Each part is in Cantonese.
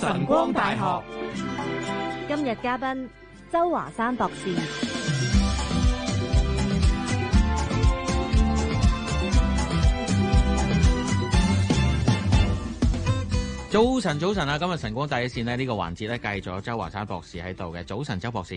晨光大學今日嘉賓周華山博士。早晨，早晨啊！今日晨光第一綫呢呢個環節咧，繼續有周華山博士喺度嘅。早晨，周博士。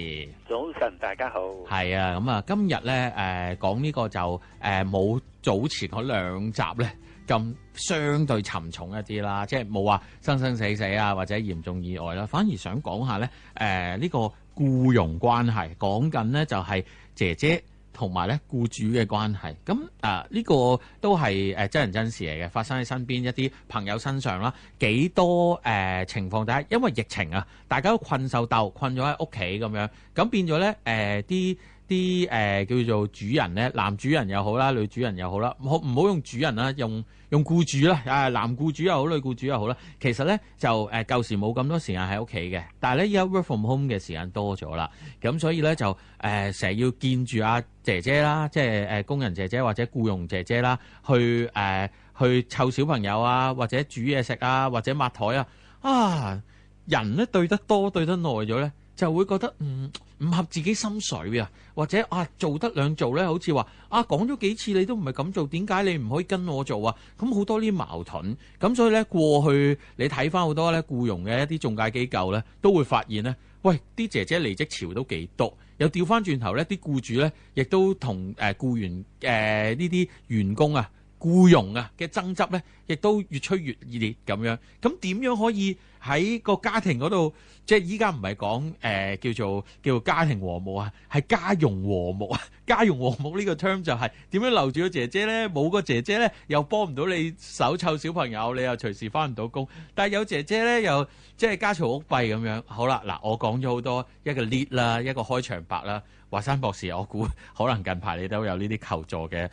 早晨，大家好。係啊，咁啊，今日咧誒講呢、呃、個就誒冇、呃、早前嗰兩集咧。咁相對沉重一啲啦，即係冇話生生死死啊，或者嚴重意外啦，反而想講下咧，呢、呃呢個僱傭關係講緊咧就係姐姐同埋咧僱主嘅關係，咁啊呢個都係呃真人真事嚟嘅，發生喺身邊一啲朋友身上啦，幾多、呃、情況大家因為疫情啊，大家都困獸鬥，困咗喺屋企咁樣，咁變咗咧啲。呃啲、呃、叫做主人咧，男主人又好啦，女主人又好啦，唔好唔好用主人啦、啊，用用雇主啦、啊，男雇主又好，女雇主又好啦。其實咧就誒舊、呃、時冇咁多時間喺屋企嘅，但係咧而家 work from home 嘅時間多咗啦，咁所以咧就誒成日要見住阿、啊、姐姐啦，即係誒、呃、工人姐姐或者僱傭姐姐啦，去誒、呃、去湊小朋友啊，或者煮嘢食啊，或者抹台啊，啊人咧對得多對得耐咗咧。就會覺得唔唔、嗯、合自己心水啊，或者啊做得兩做咧，好似話啊講咗幾次你都唔係咁做，點解你唔可以跟我做啊？咁好多啲矛盾，咁所以咧過去你睇翻好多咧僱傭嘅一啲中介機構咧，都會發現咧，喂啲姐姐離職潮都幾多，又調翻轉頭咧，啲僱主咧亦都同誒僱員呢啲、呃、員工啊僱傭啊嘅爭執咧，亦都越吹越熱烈咁樣。咁點樣可以？喺個家庭嗰度，即係依家唔係講叫做叫做家庭和睦啊，係家傭和睦啊，家傭和睦呢個 term 就係點樣留住個姐姐咧？冇個姐姐咧，又幫唔到你手湊小朋友，你又隨時翻唔到工。但係有姐姐咧，又即係家嘈屋閉咁樣。好啦，嗱，我講咗好多一個 lead 啦，一個開場白啦。華山博士，我估可能近排你都有呢啲求助嘅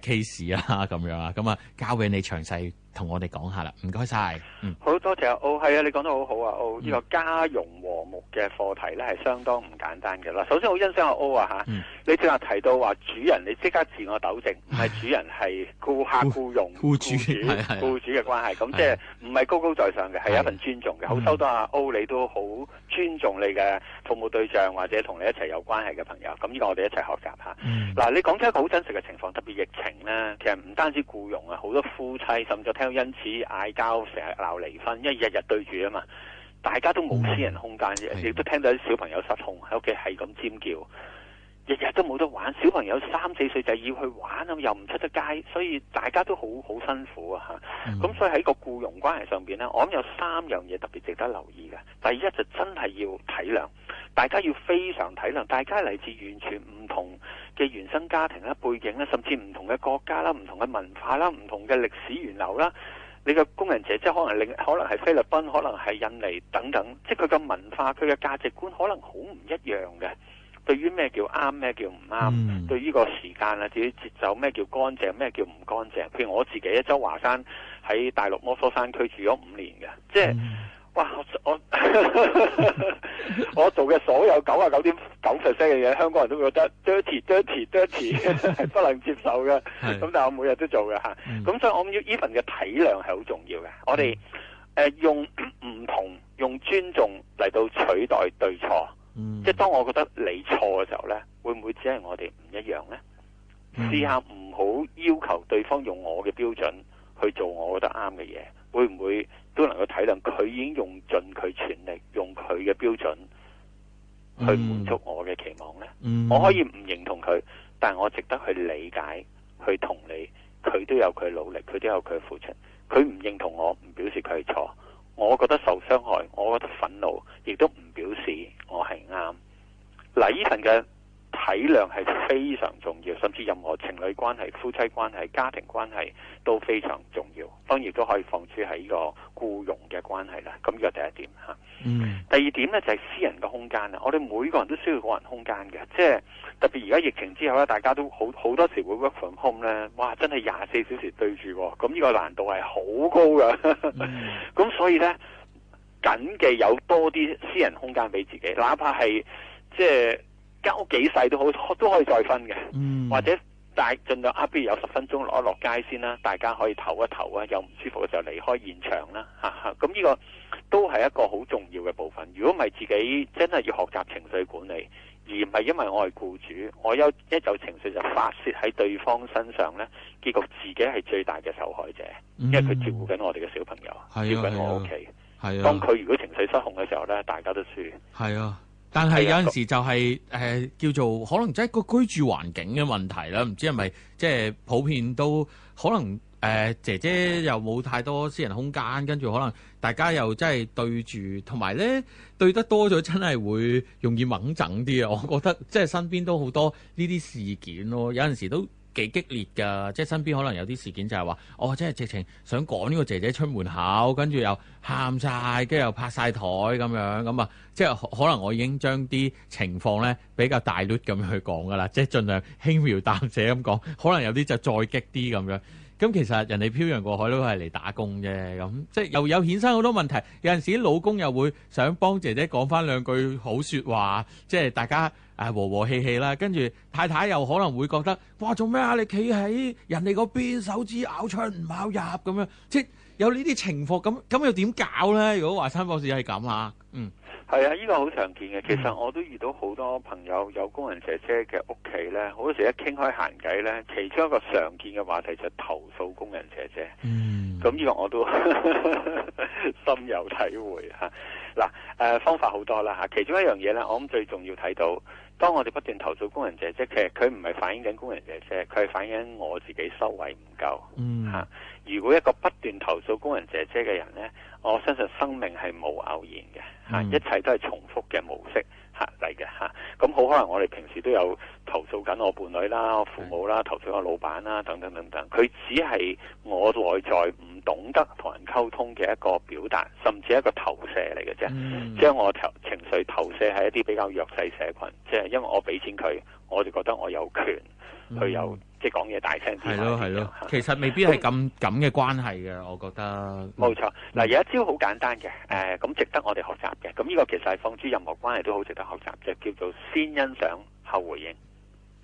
case 啦，咁樣啊，咁啊，交俾你詳細。同我哋講下啦，唔該晒。嗯，好多謝阿歐，係啊，你講得好好啊，哦呢個家傭和睦嘅課題咧係相當唔簡單嘅啦。首先，好欣賞阿歐啊吓，你正話提到話主人，你即刻自我糾正，唔係主人係顧客顧傭顧主，係係顧主嘅關係，咁即係唔係高高在上嘅，係一份尊重嘅。好，收到阿歐，你都好。尊重你嘅服務對象或者同你一齊有關係嘅朋友，咁呢個我哋一齊學習吓。嗱、mm，hmm. 你講出一個好真實嘅情況，特別疫情咧，其實唔單止僱傭啊，好多夫妻甚至聽到因此嗌交，成日鬧離婚，因為日日對住啊嘛，大家都冇私人空間，亦都 Okay. 聽到啲小朋友失控喺屋企係咁尖叫。日日都冇得玩，小朋友三四歲就要去玩啊，又唔出得街，所以大家都好好辛苦啊咁、嗯、所以喺個僱傭關係上面呢，我諗有三樣嘢特別值得留意嘅。第一就真係要體諒，大家要非常體諒，大家嚟自完全唔同嘅原生家庭啦，背景啦，甚至唔同嘅國家啦、唔同嘅文化啦、唔同嘅歷史源流啦。你嘅工人姐姐可能令，可能係菲律賓，可能係印尼等等，即係佢嘅文化、佢嘅價值觀可能好唔一樣嘅。對於咩叫啱，咩叫唔啱？嗯、對於個時間啊，至於節奏，咩叫乾淨，咩叫唔乾淨？譬如我自己一周華山喺大陸摩梭山區住咗五年嘅，即係、嗯、哇！我我做嘅所有九啊九點九 percent 嘅嘢，香港人都覺得 dirty，dirty，dirty 係 dirty, dirty, 不能接受嘅。咁 但係我每日都做嘅咁、嗯、所以我要 even 嘅體諒係好重要嘅。嗯、我哋、呃、用唔同用尊重嚟到取代對錯。嗯、即係當我覺得你錯嘅時候呢，會唔會只係我哋唔一樣呢？試、嗯、下唔好要，要求對方用我嘅標準去做我覺得啱嘅嘢，會唔會都能夠體諒佢已經用盡佢全力，用佢嘅標準去滿足我嘅期望呢？嗯嗯、我可以唔認同佢，但係我值得去理解，去同理，佢都有佢努力，佢都有佢嘅付出，佢唔認同我，唔表示佢係錯。我覺得受傷害，我覺得憤怒，亦都唔表示我係啱。嗱，呢份嘅體諒係非常重要，甚至任何情侶關係、夫妻關係、家庭關係都非常重要。當然都可以放諸喺呢個僱傭嘅關係啦，咁呢個第一點嚇。嗯、第二點咧就係私人嘅空間啦。我哋每個人都需要個人空間嘅，即係特別而家疫情之後咧，大家都好好多時會 work from home 咧，哇！真係廿四小時對住，咁呢個難度係好高㗎。咁、嗯、 所以咧，緊記有多啲私人空間俾自己，哪怕係即係間屋幾細都好，都都可以再分嘅，嗯、或者。但係儘量啊，比如有十分鐘攞一落街先啦，大家可以唞一唞啊，有唔舒服嘅時候離開現場啦。咁、啊、呢、啊、個都係一個好重要嘅部分。如果唔係自己真係要學習情緒管理，而唔係因為我係僱主，我有一有情緒就發泄喺對方身上呢，結局自己係最大嘅受害者，嗯、因為佢照顧緊我哋嘅小朋友，照顧緊我屋企。啊啊、當當佢如果情緒失控嘅時候呢，大家都輸，係啊。但係有陣時就係、是呃、叫做可能即係個居住環境嘅問題啦，唔知係咪即係普遍都可能、呃、姐姐又冇太多私人空間，跟住可能大家又真係對住，同埋咧對得多咗，真係會容易揾整啲啊！我覺得即係、就是、身邊都好多呢啲事件咯，有陣時都。幾激烈噶，即係身邊可能有啲事件就係話，我真係直情想趕呢個姐姐出門口，跟住又喊晒，跟住又拍晒台咁樣，咁啊，即係可能我已經將啲情況咧比較大略咁去講噶啦，即係盡量輕描淡寫咁講。可能有啲就再激啲咁樣。咁其實人哋漂洋過海都係嚟打工啫，咁即係又有衍生好多問題。有陣時啲老公又會想幫姐姐講返兩句好說話，即係大家。誒和和氣氣啦，跟住太太又可能會覺得，哇做咩啊？你企喺人哋個邊手指咬出唔咬入咁樣，即係有呢啲情況，咁咁又點搞咧？如果華山博士係咁嚇，嗯，係啊，呢、呢個好常見嘅。其實我都遇到好多朋友有工人姐姐嘅屋企咧，好多時一傾開閒偈咧，其中一個常見嘅話題就係投訴工人姐姐。嗯，咁呢個我都 深有體會嚇，嗱、啊啊，方法好多啦嚇，其中一樣嘢咧，我諗最重要睇到。當我哋不斷投訴工人姐姐，其實佢唔係反映緊工人姐姐，佢係反映我自己修為唔夠。嗯，吓，如果一個不斷投訴工人姐姐嘅人呢，我相信生命係冇偶然嘅，嗯、一切都係重複嘅模式吓嚟嘅吓。咁好可能我哋平時都有投訴緊我伴侶啦、我父母啦、是投訴我老闆啦，等等等等，佢只係我內在唔懂得同人溝通嘅一個表達，甚至一個投射嚟嘅啫。將、嗯、我情緒投射喺一啲比較弱勢社群，即係因為我俾錢佢，我就覺得我有權去有、嗯、即係講嘢大聲啲。係咯，係咯，其實未必係咁咁嘅關係嘅，我覺得冇錯。嗱，有一招好簡單嘅，咁、嗯呃、值得我哋學習嘅。咁呢個其實係放諸任何關係都好值得學習嘅，叫做先欣賞後回應。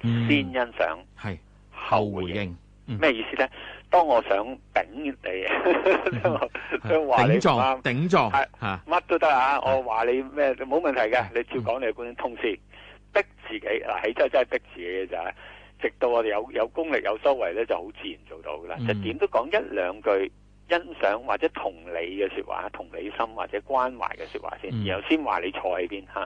先欣賞，係後回應，咩意思咧？當我想頂你，即係話頂撞，頂撞係，乜都得啊！我話你咩冇問題嘅，你照講你嘅官通先，逼自己，嗱，起初真係逼自己嘅就係，直到我哋有有功力有修為咧，就好自然做到噶啦。就點都講一兩句。欣賞或者同理嘅說話，同理心或者關懷嘅說話先，然後先話你錯喺邊嚇。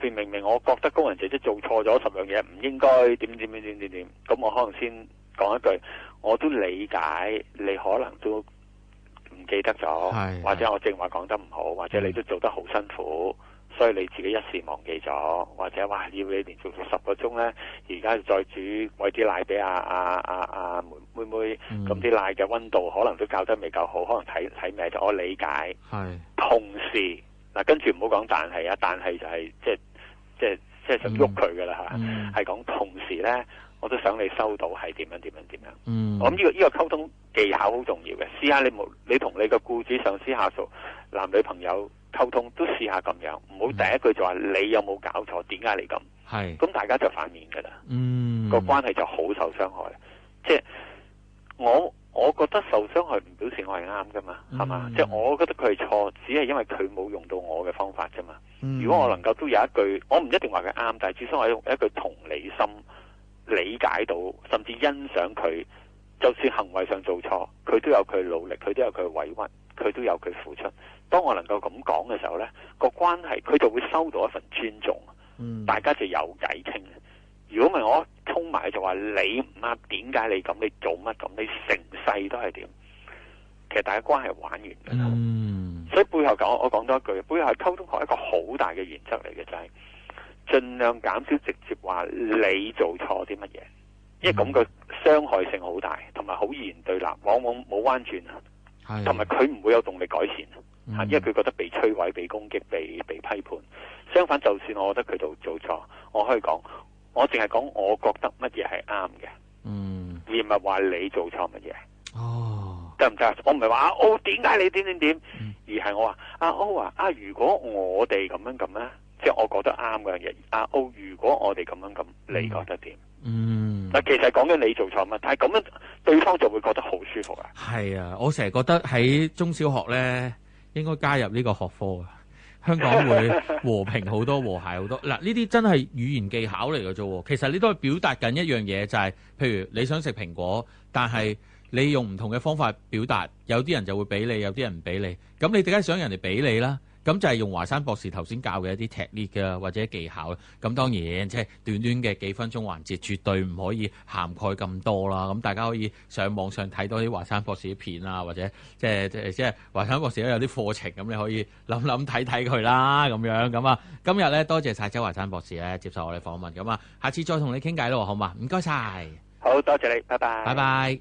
譬如、嗯、明明我覺得工人姐姐做錯咗十樣嘢，唔應該點點點點點點，咁我可能先講一句，我都理解你可能都唔記得咗，或者我正話講得唔好，或者你都做得好辛苦。所以你自己一時忘記咗，或者話要你連續做十個鐘咧，而家再煮餵啲奶俾阿阿阿阿妹妹妹，咁啲奶嘅溫度可能都校得未夠好，可能睇睇咩？我理解。是同時嗱、啊，跟住唔好講，但係啊，但係就係，即係即係即係想喐佢噶啦吓，係講同時咧。我都想你收到係點樣點樣點樣。嗯，我諗呢個呢個溝通技巧好重要嘅。試下你冇你同你嘅雇主、上司、下屬、男女朋友溝通，都試下咁樣，唔好第一句就話你有冇搞錯？點解、嗯、你咁？係，咁大家就反面噶啦。嗯，個關係就好受傷害。嗯、即係我我覺得受傷害唔表示我係啱噶嘛，係嘛？即係我覺得佢係錯，只係因為佢冇用到我嘅方法啫嘛。嗯、如果我能夠都有一句，我唔一定話佢啱，但係至少我有一句同理心。理解到，甚至欣賞佢，就算行為上做錯，佢都有佢努力，佢都有佢委屈，佢都有佢付出。當我能夠咁講嘅時候咧，個關係佢就會收到一份尊重，嗯，大家就有偈傾。如果唔係我衝埋就話你唔啱，點解你咁？你做乜咁？你成世都係點？其實大家關係玩完嘅。嗯，所以背後講，我講多一句，背後溝通學一個好大嘅原則嚟嘅就係、是。盡量減少直接話你做錯啲乜嘢，因為咁個傷害性好大，同埋好易然對立，往往冇彎轉啊，同埋佢唔會有動力改善、嗯、因為佢覺得被摧毀、被攻擊、被被批判。相反，就算我覺得佢做做錯，我可以講，我淨係講我覺得乜嘢係啱嘅，嗯，而唔係話你做錯乜嘢，哦，得唔得？嗯、我唔係話阿歐點解你點點點，而係我話阿歐啊，如果我哋咁樣咁咧。即係我覺得啱嘅嘢，阿 O，如果我哋咁樣咁，你覺得點？嗯，嗱，其實講緊你做錯乜，但係咁樣對方就會覺得好舒服啊。係啊，我成日覺得喺中小學咧，應該加入呢個學科啊，香港會和平好多， 和諧好多。嗱，呢啲真係語言技巧嚟嘅啫喎，其實你都係表達緊一樣嘢，就係、是、譬如你想食蘋果，但係你用唔同嘅方法表達，有啲人就會俾你，有啲人唔俾你，咁你點解想人哋俾你啦？咁就係用華山博士頭先教嘅一啲 technique 嘅或者技巧，咁當然即係短短嘅幾分鐘環節，絕對唔可以涵蓋咁多啦。咁大家可以上網上睇多啲華山博士啲片啦，或者即係即係即係華山博士都有啲課程，咁你可以諗諗睇睇佢啦，咁樣咁啊。今日咧多謝晒周華山博士咧接受我哋訪問，咁啊，下次再同你傾偈咯，好嘛？唔該晒，好多謝你，拜拜，拜拜。